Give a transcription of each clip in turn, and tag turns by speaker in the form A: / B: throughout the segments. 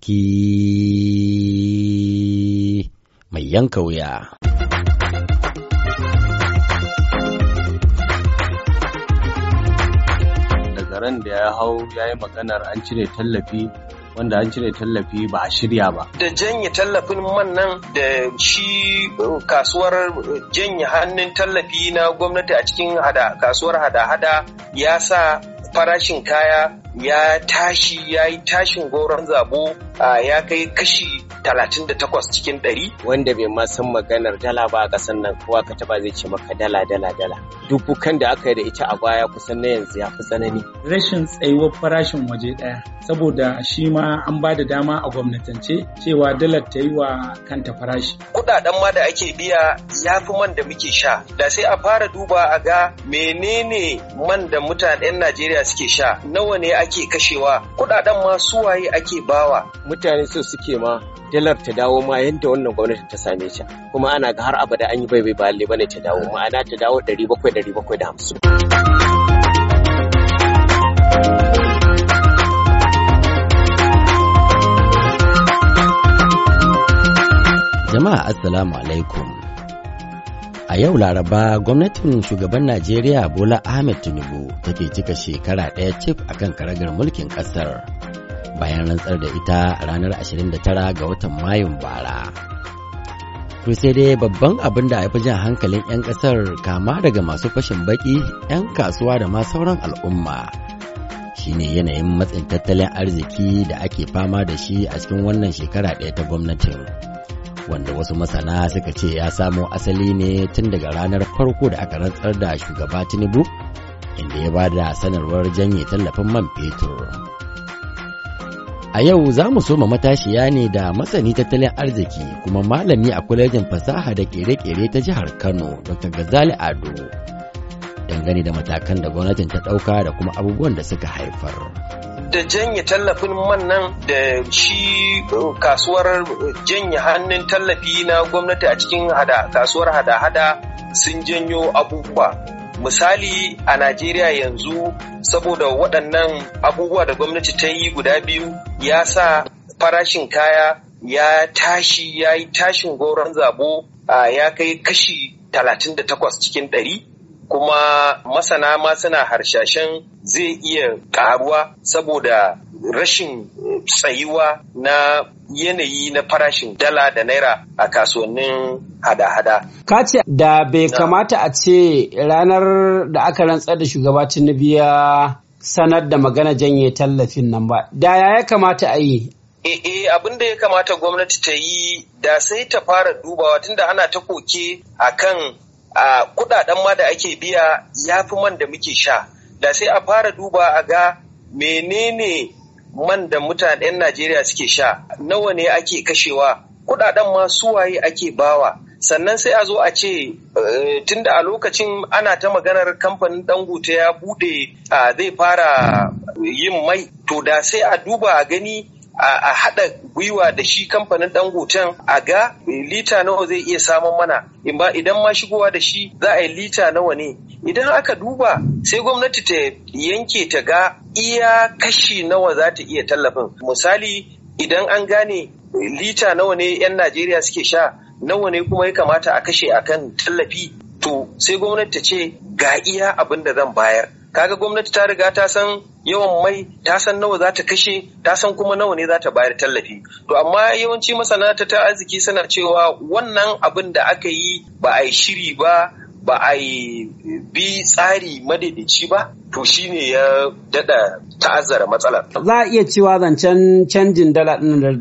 A: baki mai yanka wuya.
B: Daga ran da ya hau ya yi maganar an cire tallafi wanda an cire tallafi ba a shirya ba. Da janye tallafin man nan da shi uh, kasuwar uh, janye hannun tallafi na gwamnati a cikin kasuwar hada-hada ya sa farashin kaya ya tashi ya yi tashin goron zabo ya kai kashi 38 cikin 100 wanda bai ma san maganar dala ba a ƙasar nan kowa ka taba zai ce maka dala dala dala dubukan da aka yi da ita a baya kusan na yanzu ya fi tsanani
C: rashin tsayuwar farashin waje ɗaya saboda shi ma an ba da dama a gwamnatance cewa dalar ta yi wa kanta farashi
B: kuɗaɗen ma da ake biya ya fi man da muke sha da sai a fara duba a ga menene man da mutanen Najeriya suke sha nawa ne ake kashewa kuɗaɗen ma waye ake bawa mutane so suke ma dalar ta dawo ma yadda wannan gwamnati ta same ta kuma ana ga har abada an yi bai ba lalle bane ta dawo ma'ana ta dawo 700 750
A: Jama'a Assalamu alaikum. A yau Laraba gwamnatin shugaban Najeriya Bola Ahmed Tinubu take cika shekara ɗaya cif a kan karagar mulkin ƙasar. bayan rantsar da ita a ranar 29 ga watan Mayun bara. To sai dai babban abin da ya fi jan hankalin 'yan ƙasar kama daga masu fashin baƙi, 'yan kasuwa da ma sauran al'umma. shine yanayin matsin tattalin arziki da ake fama da shi a cikin wannan shekara ɗaya ta gwamnatin wanda wasu masana suka ce ya samo asali ne tun daga ranar farko da aka rantsar da shugaba tinubu inda ya ba da sanarwar janye tallafin man fetur A yau za mu soma matashiya ne da masani tattalin arziki kuma malami a kwalejin fasaha da kere-kere ta jihar Kano Dr. Gazali Ado dangane da matakan da gwamnatin ta ɗauka da kuma abubuwan da suka haifar.
B: Da janye tallafin man da shi uh, kasuwar uh, janye hannun tallafi na gwamnati a cikin kasuwar hada-hada sun janyo abubuwa misali a najeriya yanzu saboda waɗannan abubuwa da gwamnati ta yi guda biyu ya sa farashin kaya ya tashi ya yi tashin goron zabo ya kai kashi 38 cikin ɗari kuma masana ma suna harshashen zai iya karuwa saboda rashin eh, tsayuwa na yanayi na farashin dala da naira a kasuwannin hada-hada.
C: Ka da bai kamata a ce ranar da aka rantsar da shugaba Tinubu sanar da magana janye tallafin nan ba. Da ya ya kamata a yi
B: e abin da ya kamata gwamnati ta yi da sai ta fara dubawa tunda ana ta koke a kan. a kudaden ma da ake biya ya fi man da muke sha da sai a fara duba a ga menene man da mutanen Najeriya suke sha nawa ne ake kashewa kudaden ma waye ake bawa sannan sai a zo a ce eh, tunda a lokacin ana ta maganar kamfanin dangote ya bude zai fara yin mai to da sai a duba a gani a haɗa gwiwa da shi kamfanin dangoten a ga lita nawa zai iya samun mana idan ma shigowa da shi za a yi lita nawa ne idan aka duba sai gwamnati ta yanke ta ga iya kashi nawa za ta iya tallafin misali idan an gane lita nawa ne 'yan najeriya suke sha nawa ne kuma ya kamata a kashe akan tallafi to sai gwamnati ta ce ga iya abin da zan bayar kaga gwamnati ta riga ta san yawan mai ta san nawa za ta kashe ta san kuma nawa ne za ta bayar tallafi to amma yawanci masana ta arziki suna cewa wannan abin da aka yi ba a yi shiri ba ba a yi bi tsari madaidaici ba to shine ya dada ta'azzara matsalar
C: za a iya cewa zancen canjin dala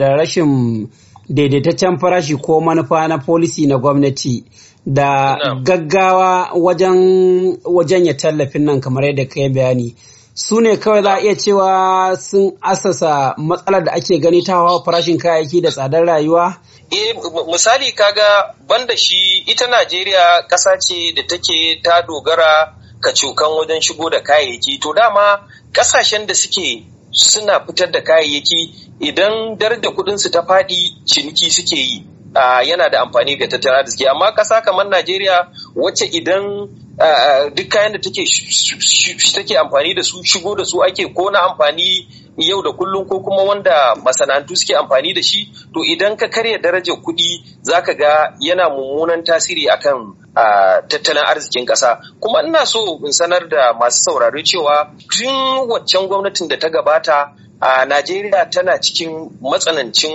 C: da rashin daidaitaccen farashi ko manufa na folisi na gwamnati da gaggawa wajen wajen ya tallafin nan kamar yadda yi bayani su ne kawai za a iya cewa sun asasa matsalar da ake gani ta hawa farashin kayayyaki da tsadar rayuwa?
B: Eh misali kaga banda shi ita Najeriya ƙasa ce da take ta dogara ka cokan wajen shigo da kayayyaki to dama ƙasashen da suke suna fitar da kayayyaki idan dar da kuɗinsu ta faɗi ciniki suke yi yana da amfani ga tattalin arziki amma kasa kamar Najeriya wacce idan duk kayan da take take amfani da su shigo da su ake ko na amfani yau da kullum ko kuma wanda masana'antu suke amfani da shi to idan ka karya darajar kuɗi zaka ga yana mummunan tasiri akan tattalin arzikin ƙasa kuma ina so in sanar da masu saurari cewa tun waccan gwamnatin da ta gabata a Najeriya tana cikin matsanancin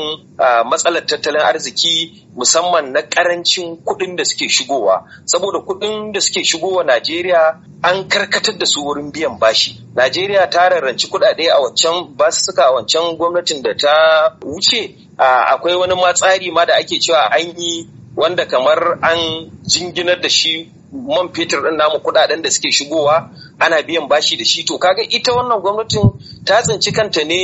B: matsalar tattalin arziki musamman na karancin kuɗin da suke shigowa saboda kuɗin da suke shigowa Najeriya an karkatar da su wurin biyan bashi Najeriya ta rarranci kuɗaɗe a waccan suka a waccan gwamnatin da ta wuce akwai wani ma tsari ma da ake cewa an yi wanda kamar an jinginar da shi man fetur ɗin namu kuɗaɗen da suke shigowa ana biyan bashi da shi to kaga ita wannan gwamnatin ta tsinci kanta ne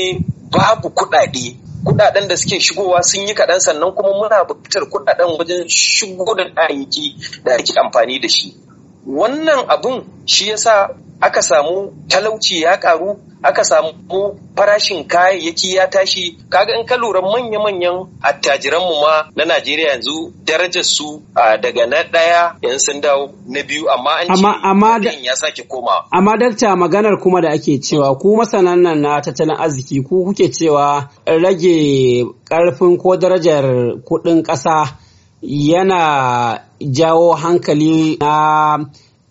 B: babu kuɗaɗe Kuɗaɗen da suke shigowa sun yi kaɗan sannan kuma muna buƙatar kuɗaɗen wajen shigo da kayayyaki da ake amfani da shi wannan abun shi yasa aka samu talauci ya karu aka samu farashin kayayyaki ya tashi kaga in ka lura manya-manyan attajiranmu ma na Najeriya yanzu darajar su daga na ɗaya yan sun dawo na biyu amma an ce ya sake koma.
C: Amma dakta maganar kuma da ake cewa ku masanan nan na tattalin arziki ku kuke cewa rage ƙarfin ko darajar kuɗin ƙasa yana jawo hankali na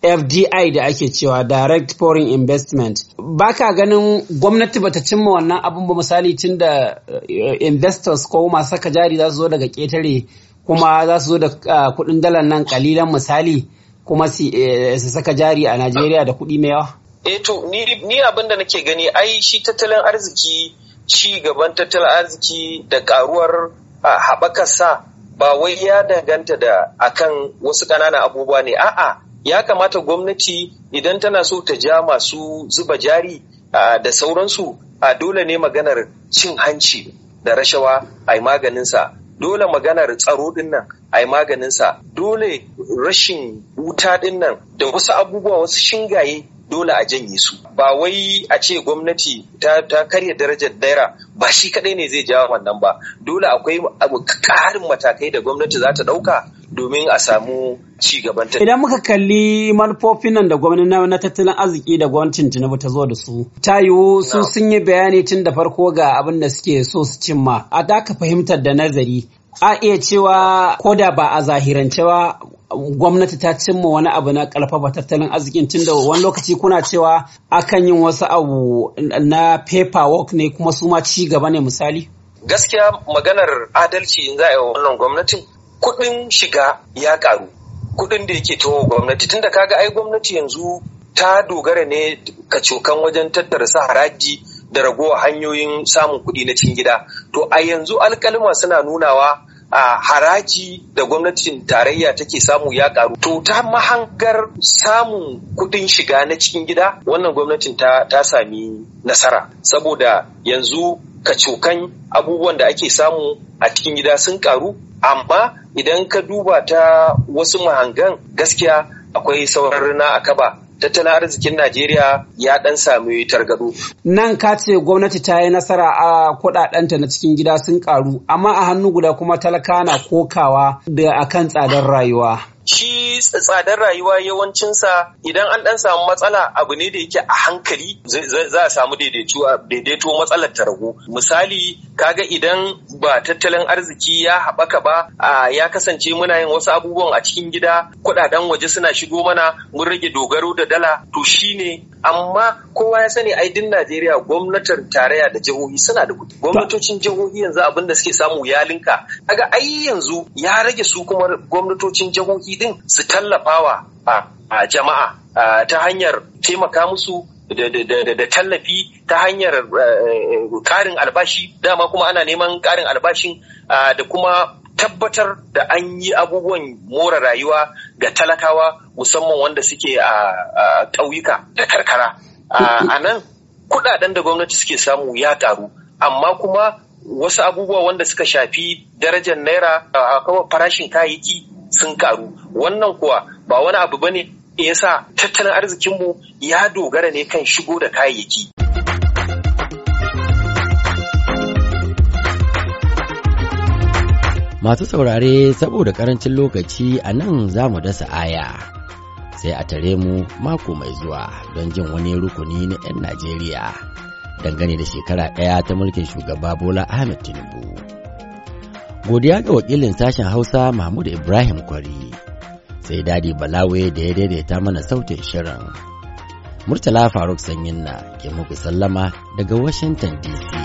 C: FDI da ake cewa Direct Foreign Investment. Ba ka ganin gwamnati bata cimma wannan abin ba misali tun da eh, investors ko masu saka jari za su zo daga ƙetare kuma za su zo da ah, kuɗin dalar nan kalilan misali kuma eh, su saka jari a Najeriya da kuɗi mai yawa.
B: Eh to ni abin da nake gani ai shi tattalin arziki ci gaban tattalin arziki da karuwar ah, sa ba wai ya danganta da akan wasu ƙananan abubuwa ne a'a ya kamata gwamnati idan tana so ta ja masu zuba jari da sauransu a dole ne maganar cin hanci da rashawa a maganinsa dole maganar tsaro din nan a maganinsa dole rashin wuta din da wasu abubuwa wasu shingaye dole a janye su ba wai a ce gwamnati ta, ta karya darajar daira ba shi kadai ne zai jawo wannan ba dole akwai ƙarin karin matakai da gwamnati za ta dauka domin a samu ci gaban tattalin Idan
C: muka kalli manufofin nan da gwamnati na tattalin arziki da gwamnatin Tinubu ta zo da su, ta yiwu su sun yi bayani tun da farko ga abin da suke so su cimma. A da ka fahimtar da nazari, a iya cewa ko da ba a zahirance ba gwamnati ta cimma wani abu na karfafa tattalin tun da wani lokaci kuna cewa akan yin wasu abu na paperwork ne kuma su ma ci gaba ne misali
B: gaskiya maganar adalci za a yi wa. wannan gwamnatin kuɗin shiga ya ƙaru kuɗin da yake tawo gwamnati tunda kaga ai gwamnati yanzu ta dogara ne kacokan wajen tattara sa haraji da ragowa hanyoyin samun kuɗi na cikin gida to a yanzu alkalima suna nunawa a haraji da gwamnatin tarayya take samu ya ƙaru to ta mahangar samun kuɗin shiga na cikin gida wannan gwamnatin ta, ta sami nasara saboda yanzu kacokan abubuwan da ake samu a cikin gida sun karu amma idan ka duba ta wasu mahangan gaskiya akwai sauran na akaba tattalin arzikin Najeriya ya dan sami targado.
C: Nan ka ce gwamnati ta yi nasara a kuɗaɗenta na cikin gida sun karu, amma a hannu guda kuma talaka na kokawa da akan tsadar rayuwa.
B: shi tsadar rayuwa yawancinsa idan an dan samu matsala abu ne da yake a hankali za a samu daidaito matsalar ta ragu misali kaga idan ba tattalin arziki ya haɓaka ba a ya kasance muna yin wasu abubuwan a cikin gida kuɗaɗen waje suna shigo mana mun rage dogaro da dala to shine amma kowa ya sani ai din Najeriya gwamnatin tarayya da jihohi suna da kuɗi gwamnatocin jihohi yanzu abin da suke samu ya linka kaga ai yanzu ya rage su kuma gwamnatocin jihohi din su tallafawa a jama'a ta hanyar taimaka musu da tallafi ta hanyar eh, eh, karin albashi dama kuma ana neman karin albashin da kuma tabbatar da an yi abubuwan mora rayuwa ga talakawa musamman wanda suke a ƙauyuka da karkara a nan kudaden da gwamnati suke samu ya karu amma kuma wasu abubuwa wanda suka shafi darajar naira a farashin kayayyaki sun karu wannan kuwa ba wani abu bane yasa tattalin arzikinmu ya dogara ne kan shigo da kayayyaki
A: masu saurare saboda karancin lokaci a nan za mu dasa aya sai a tare mu mako mai zuwa don jin wani rukuni na 'yan najeriya dangane da shekara ɗaya ta mulkin shugaba bola ahmed tinubu godiya ga wakilin sashen hausa mahmud ibrahim kwari sai dadi balawe da ya daidaita mana sautin shirin murtala faruk sanyin na ke muku sallama daga washington dc